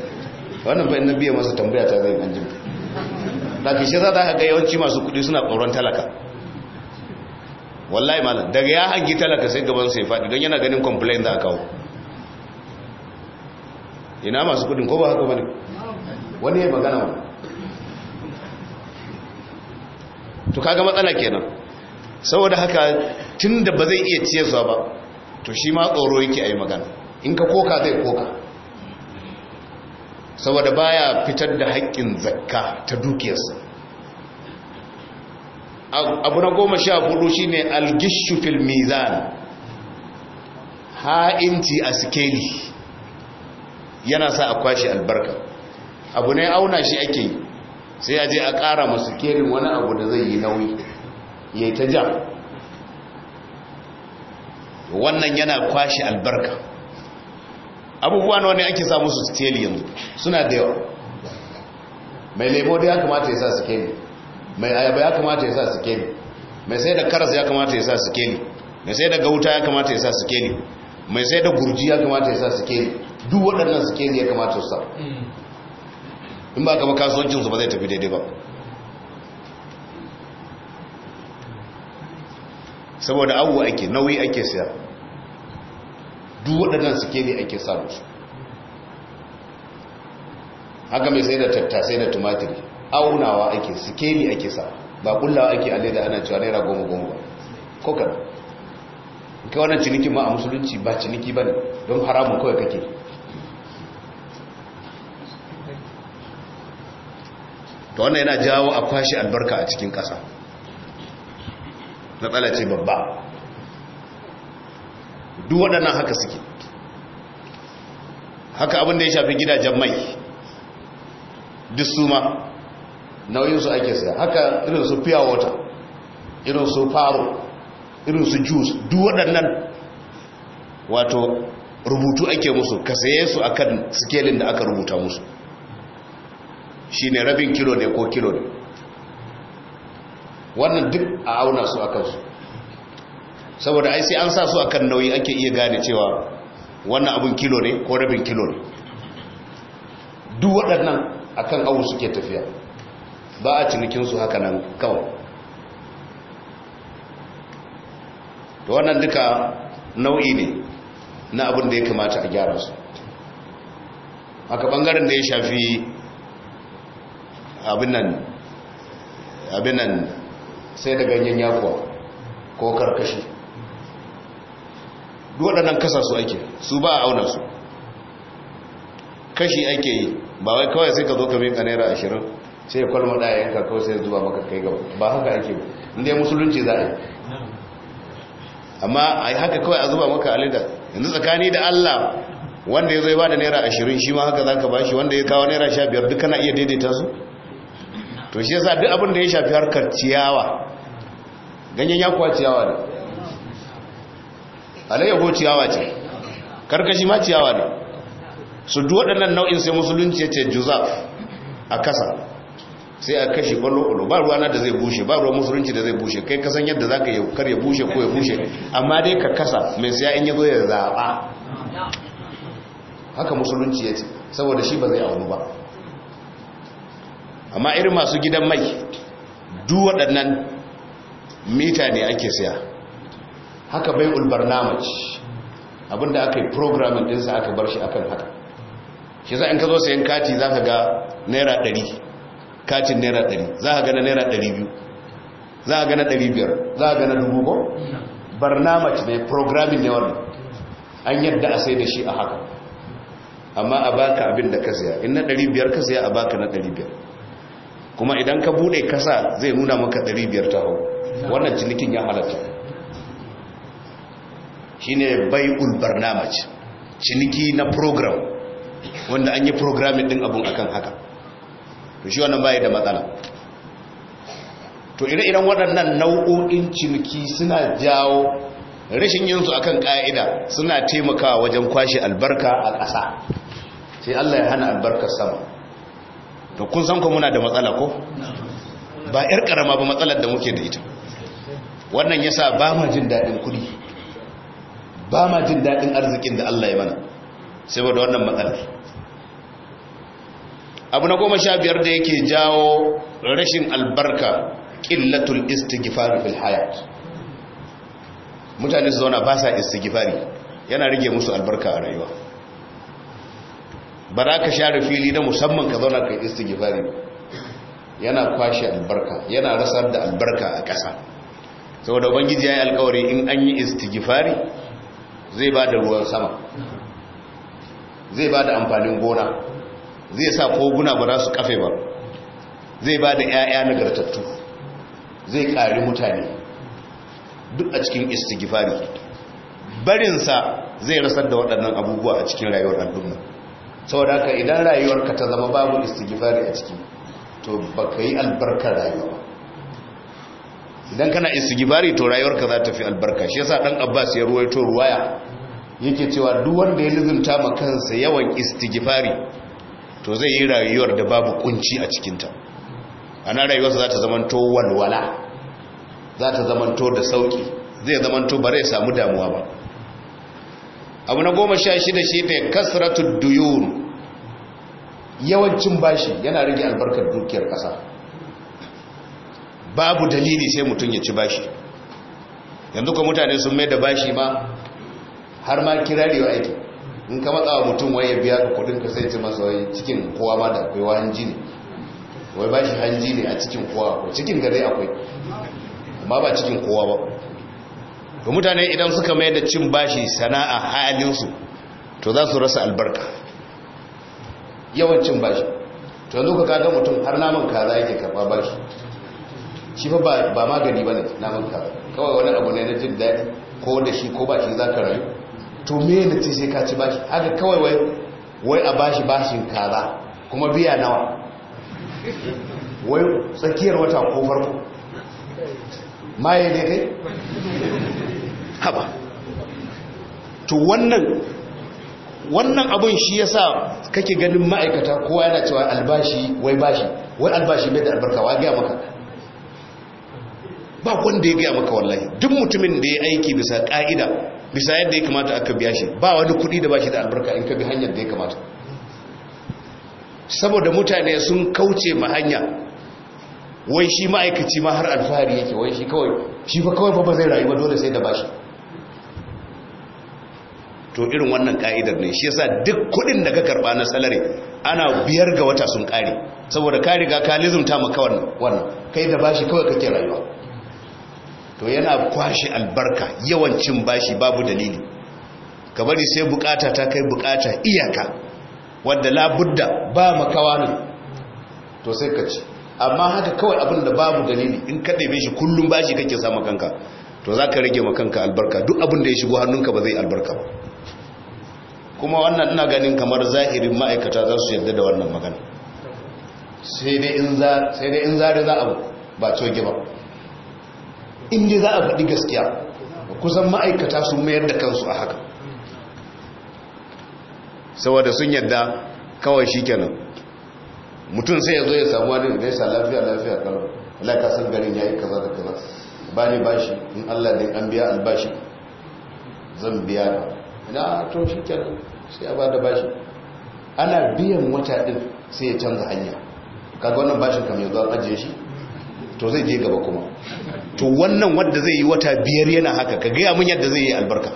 wannan bayan na biya masa tambaya ta zai an jima da ka shi za ta haka yawanci masu kudi suna tsoron talaka wallahi malam daga ya hangi talaka sai gaban sai faɗi don yana ganin complain da a kawo ina masu kudin ko ba haka ne. wani ya magana wani to kaga matsala kenan saboda haka tun da ba zai iya ciyarwa ba to shi ma tsoro yake a yi magana in ka koka zai koka saboda baya fitar da haƙƙin zakka ta dukiyarsa abu na goma sha hudu shi ne algishu filmizan. ha'inci a sikeli yana sa a kwashe albarka abu ne auna shi ake yi sai ya je a ƙara masu kerin wani abu da zai yi nauyi ya ta ja wannan yana kwashe albarka abubuwa na wani ake samu su steli yanzu suna da yawa mai lemo da ya kamata ya sa su keli mai ayaba ya kamata ya sa su keli mai sai da karas ya kamata ya sa su keli mai sai da gauta ya kamata ya sa su keli mai sai da gurji ya kamata ya sa su keli duk waɗannan su keli ya kamata su sa hmm. in ba kama kasuwancinsu ba zai tafi daidai ba saboda awu ake nauyi ake siya duk waɗannan ne ake sa musu haka mai sai da tattasai da tumatiri aunawa ake ne ake sa ba kullawa ake a da ana cewa naira goma goma ba ko kan kai wannan cinikin ma a musulunci ba ciniki ba ne don haramun kawai kake to wannan yana jawo a kwashe albarka a cikin ƙasa matsala ce babba duk waɗannan haka suke haka abin da ya shafi gidajen mai duk su ma nauyinsu ake siya haka irin su pure water irin su faro irin su juice duk waɗannan wato rubutu ake musu ka saye su akan sikelin da aka rubuta musu shi ne rabin kilo ne ko kilo ne wannan duk a auna su akan su saboda ai sai an sa su akan nauyi ake iya gane cewa wannan abin kilo ne ko rabin kilo ne duk waɗannan akan awu suke tafiya ba a cinikin su haka nan kawai to wannan duka nau'i ne na abin da ya kamata a gyara su haka bangaren da ya shafi abin nan sai da ganyen yakuwa ko karkashi waɗannan kasa su ake su ba a auna su kashi ake yi ba wai kawai sai ka zo ka miƙa naira ashirin sai kwalma ɗaya yanka kawai sai zuwa maka kai gaba ba haka ake ba inda musulunci za a yi amma a yi haka kawai a zuba maka alida yanzu tsakani da allah wanda ya zai ba da naira ashirin shi ma haka za ka ba shi wanda ya kawo naira sha biyar duk kana iya daidaita su to shi yasa duk abin da ya shafi harkar ciyawa ganyen yakuwa ciyawa ne alayyaho ciyawa ce karkashi ma ciyawa ne su duk waɗannan nau'in sai musulunci ce juzaf a kasa sai a kashi kwallo kwallo ba ruwa na da zai bushe ba ruwa musulunci da zai bushe kai kasan yadda za ka kar ya bushe ko ya bushe amma dai ka kasa mai siya in ya zo ya zaɓa haka musulunci ya ce saboda shi ba zai aunu ba amma irin masu gidan mai duk waɗannan mita ne ake siya haka bai ulbarnamaj abinda aka yi programin ɗinsa aka bar shi akan haka shi za in ka zo sayan kati za ka ga naira ɗari katin naira ɗari za ka gana naira ɗari biyu za ka gana ɗari biyar za ka gana dubu ko barnamaj mai programin ne wannan an yadda a sai da shi a haka amma a baka abin da ka siya in na ɗari biyar ka siya a baka na ɗari biyar kuma idan ka bude kasa zai nuna maka biyar ta hau wannan cinikin ya halatta shine bai'ul barnamaj ciniki na program wanda an yi programming din abun akan haka to shi wannan bai da matsala to ire-iren waɗannan nau'o'in ciniki suna jawo rashin yin su akan ka'ida suna taimakawa wajen kwashe albarka a ƙasa sai Allah ya hana albarkar sama to kun san ko muna da matsala ko ba yar karama ba matsalar da muke da ita wannan yasa ba ma jin dadin kudi ba ma jin dadin arzikin da Allah ya mana saboda wannan matsalar abu na goma sha biyar da yake jawo rashin albarka ƙillatul istighfar fil hayat mutane su zauna ba sa istighfari yana rage musu albarka a rayuwa ba za ka share fili na musamman ka zauna kai istighfari yana kwashe albarka yana rasar da albarka a ƙasa saboda ubangiji ya yi alkawari in an yi istighfari zai ba da ruwan sama zai ba da amfanin gona zai sa koguna ba za su kafe ba zai ba da 'ya'ya na gartattu, zai ƙari mutane duk a cikin istighfari barinsa zai rasar da waɗannan abubuwa a cikin rayuwar al'umma saboda haka idan rayuwarka ta zama babu istighfari a ciki to ba ka yi albarkar rayuwa idan kana istighfari to rayuwarka za ta fi albarka shi yasa dan Abbas ya to ruwaya yake cewa duk wanda ya lizunta ma kansa yawan istighfari to zai yi rayuwar da babu kunci a cikinta ana rayuwarsa za ta zamanto walwala za ta zamanto da sauki zai zamanto ba zai samu damuwa ba abu na goma sha shida shi ne kasratu duyun yawancin bashi yana rage albarkar dukiyar ƙasa babu dalili sai mutum ya ci bashi yanzu kuma mutane sun mai da bashi ma har ma kirari wa aiki in ka matsa wa mutum waye biya ka kudin ka sai ci masa wai cikin kowa ma da akwai wa hanji ne wai bashi hanji ne a cikin kowa akwai cikin gare akwai amma ba cikin kowa ba to mutane idan suka mai da cin bashi sana'a halinsu to za su rasa albarka yawancin bashi to yanzu ka kaga mutum har naman kaza yake kafa bashi shi fa ba magani ba ne naman kaza kawai wani abu ne na jin daɗi ko da shi ko ba shi za ka rayu to me na ce sai ka ci bashi haka kawai wai wai a bashi bashin kaza kuma biya nawa wai tsakiyar wata ko farko maye ne kai haba to wannan wannan abun shi ya sa kake ganin ma'aikata kowa yana cewa albashi wai bashi wai albashi bai da albarka wa gaya maka ba wanda ya gaya maka wallahi duk mutumin da ya aiki bisa ka'ida bisa yadda ya kamata aka biya shi ba wani kuɗi da bashi da albarka in ka bi hanyar da ya kamata saboda mutane sun kauce ma hanya wai shi ma'aikaci ma har alfahari yake wai shi kawai shi fa kawai fa ba zai rayu ba dole sai da bashi to irin wannan ka'idar ne shi yasa duk kuɗin da ka karba na salari ana biyar ga wata sun kare saboda ka riga ka lizumta maka wannan kai da bashi kawai kake rayuwa to yana kwashi albarka yawancin bashi babu dalili ka bari sai bukata ta kai bukata iyaka wadda labudda ba makawa ne to sai ka ci amma haka kawai abin da babu dalili in ka ɗebe shi kullum bashi kake samu kanka to za ka rage makanka albarka duk abin da ya shigo hannunka ba zai albarka ba kuma wannan ina ganin kamar zahirin ma'aikata za su yarda da wannan magana sai dai in zari za a ba coge ba inda za a faɗi gaskiya kusan ma'aikata sun mayar da kansu a haka saboda sun yarda kawai shi kenan mutum sai ya zo ya samu ne da ya sa lafiya lafiya kalau lakasar garin ya yi kaza da kaza ba ne bashi in allah ne an biya albashi zan biya ba na to shi kenan sai ba da bashi ana biyan wata din sai ya canza hanya kaga wannan bashin kam yanzu an ajiye shi to zai je gaba kuma to wannan wanda zai yi wata biyar yana haka ka gaya mun yadda zai yi albarka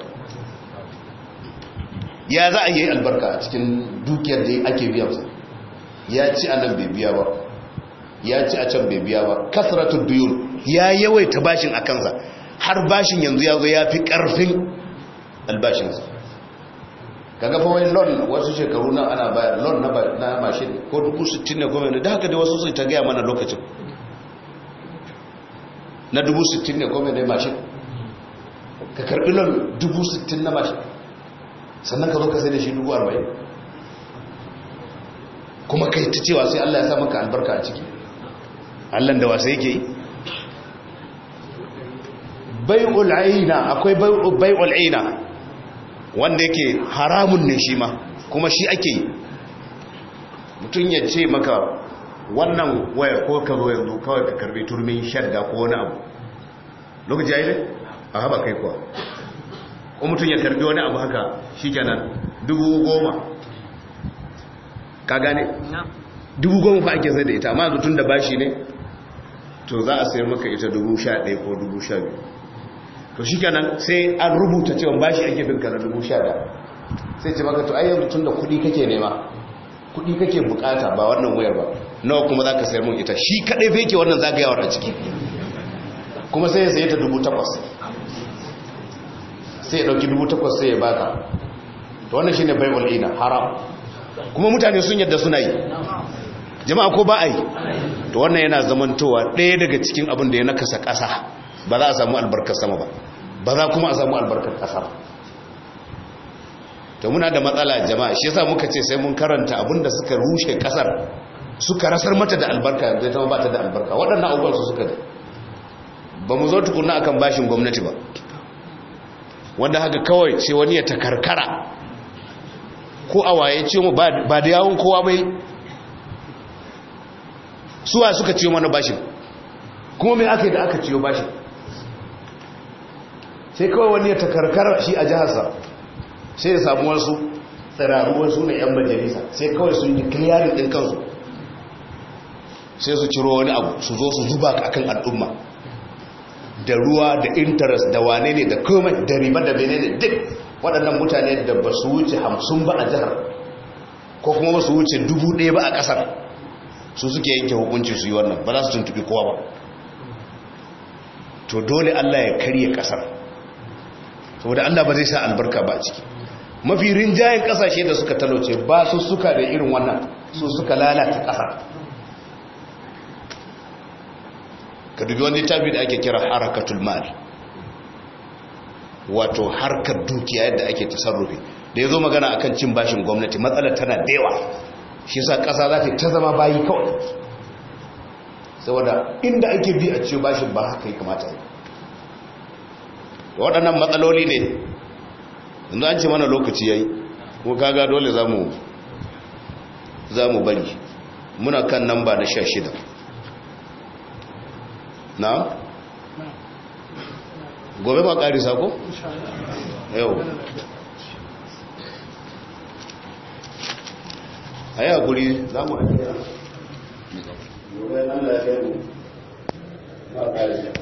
ya za a yi albarka a cikin dukiyar da ake su ya ci a nan bai biya ba ya ci a can bai biya ba kasratu duyun ya yawaita bashin a kansa har bashin yanzu ya zo ya fi ƙarfin albashinsa kaga fa wai loan wasu shekaru nan ana bayar loan na na mashin ko dubu sittin ne gwamnati da haka da wasu sai ta gaya mana lokacin na dubu sittin ne gwamnati mashin ka karbi loan dubu sittin na mashin sannan ka zo ka sai da shi dubu arba'in kuma kai ta cewa sai Allah ya sa maka albarka a ciki Allah da wasa yake yi bai'ul aina akwai bai'ul aina wanda yake haramun ne shi ma kuma shi ake yi mutum ya ce maka wannan waya ko ka zo yanzu kawai ka karbi turmin shadda ko wani abu lokaci ya yi ne a haɓa kai kuwa ko mutum ya karbi wani abu haka shi kenan dubu goma ka gane dubu goma fa ake zai da ita amma tun da bashi ne to za a sayar maka ita dubu sha ɗaya ko dubu sha biyu to shi kenan sai an rubuta cewa bashi ake bin kaza dubu sha da sai ce maka to ai yanzu tun da kuɗi kake nema kuɗi kake bukata ba wannan wayar ba nawa kuma za ka sayar mun ita shi kadai fa yake wannan zagayawar a ciki kuma sai ya sayi ta dubu takwas sai ya ɗauki dubu takwas sai ya baka to wannan shine bible ina haram kuma mutane sun yadda suna yi jama'a ko ba a yi to wannan yana zamantowa ɗaya daga cikin abin da ya nakasa ƙasa ba za a samu albarkar sama ba ba za kuma a samu albarkar ƙasa ba to muna da matsala jama'a shi yasa muka ce sai mun karanta abinda suka rushe ƙasar suka rasar mata da albarka zai ta ba ta da albarka waɗannan abubuwan su suka da ba mu zo tukuna akan bashin gwamnati ba wanda haka kawai ce wani ya ta karkara ko a waye ce mu ba da yawon kowa bai suwa suka ciyo mana bashin kuma mai aka yi da aka ciyo bashin sai kawai wani ya takarkar shi a jiharsa sai ya samu wasu tsiraruwar su 'yan majalisa sai kawai sun yi kiliyarin ɗin kansu sai su ciro wani abu su zo su zuba a kan al'umma da ruwa da interest da wane ne da kuma da riba da bene ne duk waɗannan mutane da ba su wuce hamsin ba a jihar ko kuma ba su wuce dubu ɗaya ba a ƙasar su suke yanke hukunci su yi wannan ba za su tuntubi kowa ba to dole allah ya karye ƙasar saboda Allah ba zai sa albarka ba ciki mafi rinjayen kasashe da suka talauce ba su suka da irin wannan su suka lalata kasa ka dubi wani tabi da ake kira harakatul mali wato harkar dukiya yadda ake tasarrufi da ya zo magana akan cin bashin gwamnati matsala tana da shi sa kasa za ta zama bayi kawai saboda inda ake bi a ciyo bashin ba haka yi kamata yi waɗannan matsaloli ne inda an ce mana lokaci ya yi kuma kaga dole za mu bari muna kan nan ba na sha shida na gobe ba ƙari sako? yau a yi haƙuri za mu haƙuri gobe nan lafiya ne